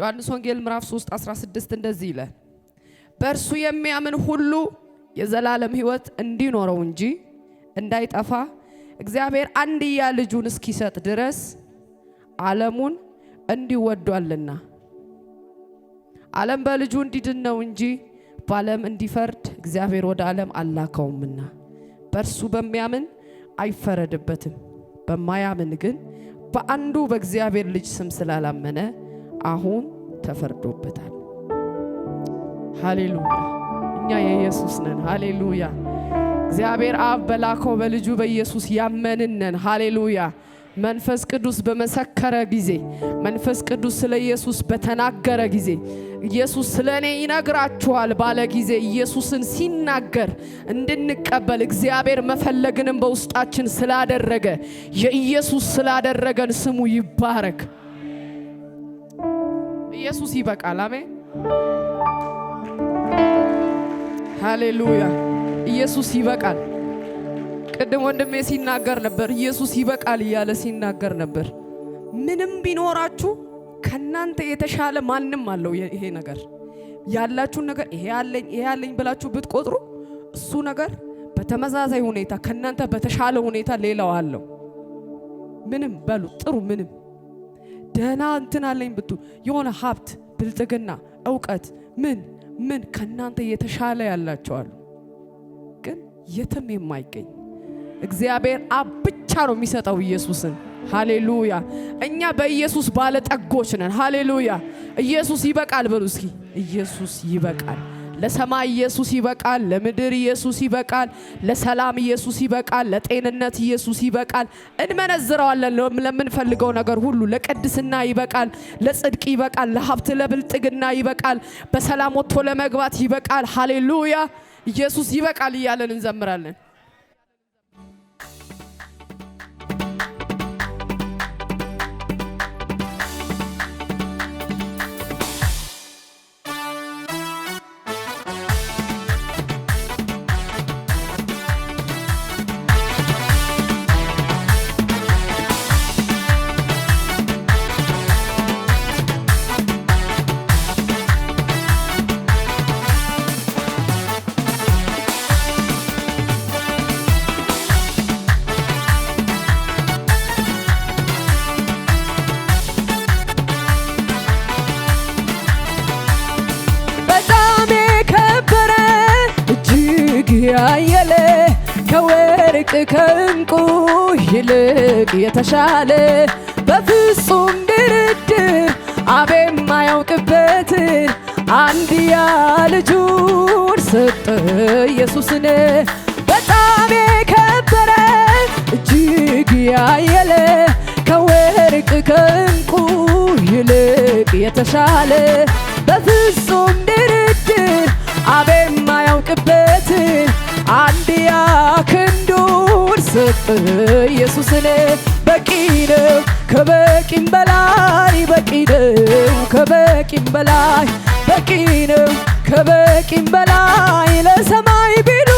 ዮሐንስ ወንጌል ምዕራፍ 3 16 እንደዚህ ይላል፣ በእርሱ የሚያምን ሁሉ የዘላለም ሕይወት እንዲኖረው እንጂ እንዳይጠፋ እግዚአብሔር አንድያ ልጁን እስኪሰጥ ድረስ ዓለሙን እንዲወዷልና ዓለም በልጁ እንዲድን ነው እንጂ በዓለም እንዲፈርድ እግዚአብሔር ወደ ዓለም አላከውምና በእርሱ በሚያምን አይፈረድበትም። በማያምን ግን በአንዱ በእግዚአብሔር ልጅ ስም ስላላመነ አሁን ተፈርዶበታል። ሃሌሉያ! እኛ የኢየሱስ ነን። ሃሌሉያ! እግዚአብሔር አብ በላከው በልጁ በኢየሱስ ያመንን ሃሌሉያ! መንፈስ ቅዱስ በመሰከረ ጊዜ፣ መንፈስ ቅዱስ ስለ ኢየሱስ በተናገረ ጊዜ፣ ኢየሱስ ስለ እኔ ይነግራችኋል ባለ ጊዜ፣ ኢየሱስን ሲናገር እንድንቀበል እግዚአብሔር መፈለግንም በውስጣችን ስላደረገ የኢየሱስ ስላደረገን ስሙ ይባረክ። ኢየሱስ ይበቃል። አሜን ሃሌሉያ። ኢየሱስ ይበቃል። ቅድም ወንድሜ ሲናገር ነበር። ኢየሱስ ይበቃል እያለ ሲናገር ነበር። ምንም ቢኖራችሁ ከእናንተ የተሻለ ማንም አለው። ይሄ ነገር ያላችሁን ነገር ይሄ ያለኝ ይሄ ያለኝ ብላችሁ ብትቆጥሩ እሱ ነገር በተመሳሳይ ሁኔታ ከእናንተ በተሻለ ሁኔታ ሌላው አለው። ምንም በሉ ጥሩ ምንም ደህና እንትን አለኝ ብቱ የሆነ ሀብት፣ ብልጥግና፣ እውቀት ምን ምን ከእናንተ የተሻለ ያላቸዋሉ ግን የትም የማይገኝ እግዚአብሔር አብ ብቻ ነው የሚሰጠው ኢየሱስን። ሃሌሉያ! እኛ በኢየሱስ ባለጠጎች ነን። ሃሌሉያ! ኢየሱስ ይበቃል በሉ እስኪ። ኢየሱስ ይበቃል። ለሰማይ ኢየሱስ ይበቃል። ለምድር ኢየሱስ ይበቃል። ለሰላም ኢየሱስ ይበቃል። ለጤንነት ኢየሱስ ይበቃል። እንመነዝረዋለን ለምንፈልገው ነገር ሁሉ። ለቅድስና ይበቃል። ለጽድቅ ይበቃል። ለሀብት ለብልጥግና ይበቃል። በሰላም ወጥቶ ለመግባት ይበቃል። ሃሌሉያ ኢየሱስ ይበቃል እያለን እንዘምራለን። ያየለ ከወርቅ ከእንቁ ይልቅ የተሻለ በፍጹም ድርድር አቤ ማያውቅበት አንድያ ልጁን ሰጠ ኢየሱስን በጣም የከበረ እጅግ ያየለ ከወርቅ ከእንቁ ይልቅ የተሻለ ኢየሱስን በቂ ነው ከበቂም በላይ በቂ ነው ከበቂም በላይ በቂ ነው ከበቂም በላይ ለሰማይ ቢሉ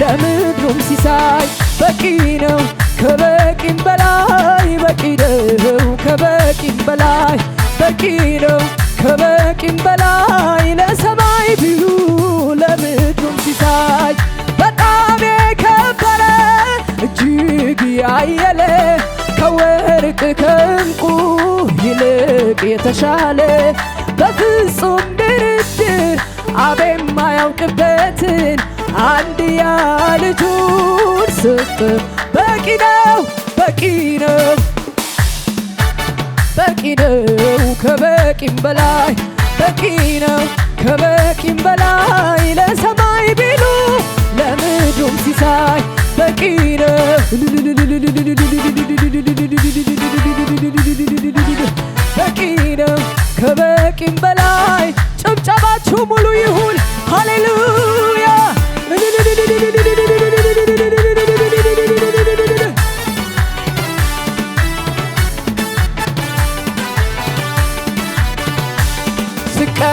ለምድሩም ሲሳይ በቂ ነው ከበቂም በላይ በቂ ነው ከበቂም በላይ በቂ ነው ከበቂም በላይ የተሻለ በፍጹም ድርድር አብ የማያውቅበትን አንድያ ልጁን ስፍር በቂ ነው በቂ ነው በቂ ነው ከበቂም በላይ በቂ ነው ከበቂም በላይ ለሰማይ ቢሉ ለምድሩም ሲሳይ በቂ ነው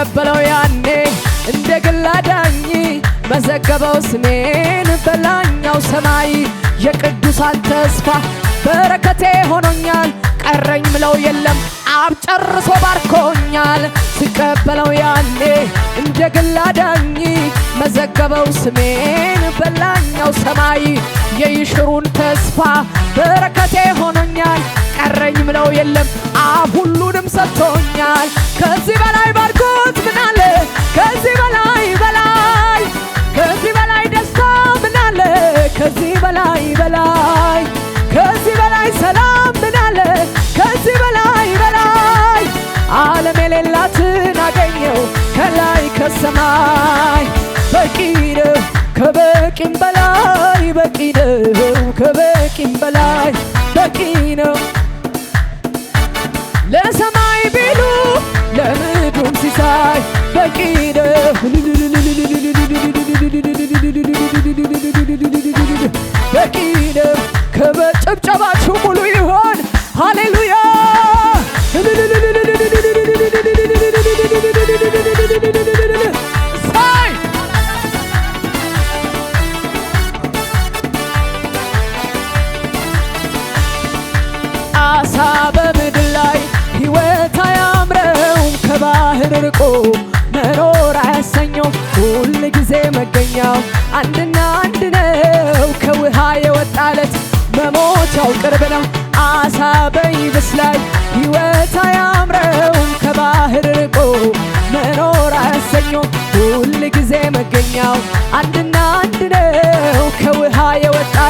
ነበረው ያኔ እንደ ገላዳኝ መዘገበው ስሜን በላኛው ሰማይ የቅዱሳን ተስፋ በረከቴ ሆኖኛል ቀረኝ ምለው የለም አብ ጨርሶ ባርኮኛል ሲቀበለው ያኔ እንደ ግላዳኝ መዘገበው ስሜን በላኛው ሰማይ የይሽሩን ተስፋ በረከቴ ሆኖኛል ቀረኝ ምለው የለም አብ ሁሉንም ሰጥቶኛል ከዚህ በላይ ባርኩት ምናለ ከዚህ በላይ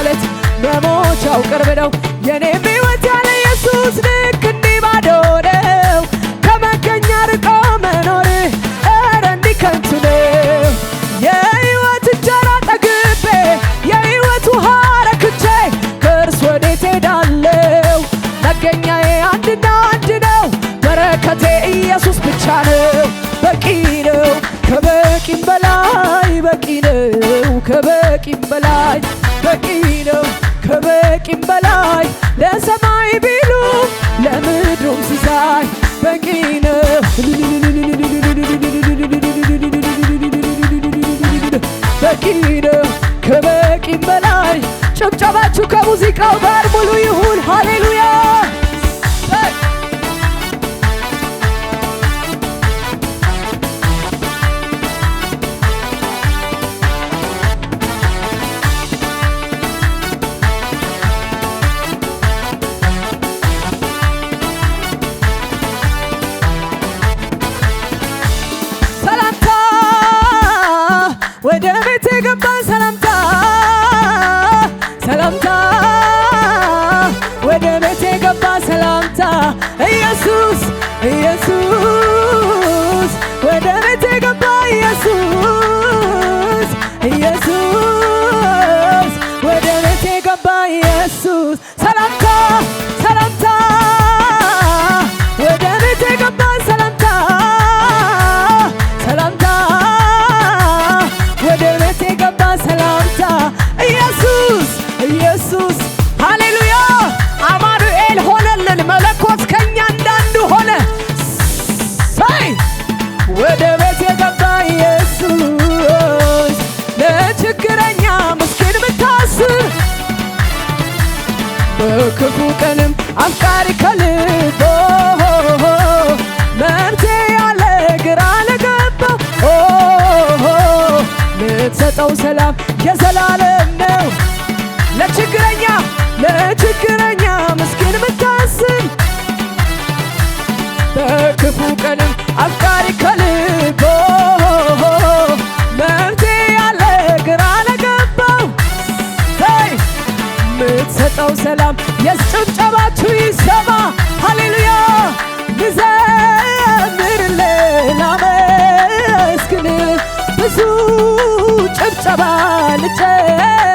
ማለት መሞቻው ቅርብ ነው። የኔም ሕይወት ያለ ኢየሱስ ልክ እንዲህ ባዶ ነው። ከመገኛ ርቆ መኖር ኧረ እንዲህ ከንቱ ነው። የሕይወት እንጀራ ጠግቤ የሕይወት ውሃ ረክቼ ከእርሱ ወዴት ሄዳለሁ? መገኛዬ አንድና አንድ ነው። በረከቴ ኢየሱስ ብቻ ነው። በቂ ነው፣ ከበቂም በላይ በቂ ነው። ከበቂም በላይ በቂ ነው ከበቂም በላይ ለሰማይ ቢሉ ለምድሩም ሲሳይ በቂ ነው በቂ ነው ከበቂም በላይ ጭብጨባችሁ ከሙዚቃው 靠。ያለው ሰላም የስጭብጨባችሁ ይሰማ። ሃሌሉያ ልዘምርልን፣ አመስግን ብዙ ጭብጨባ ልጨ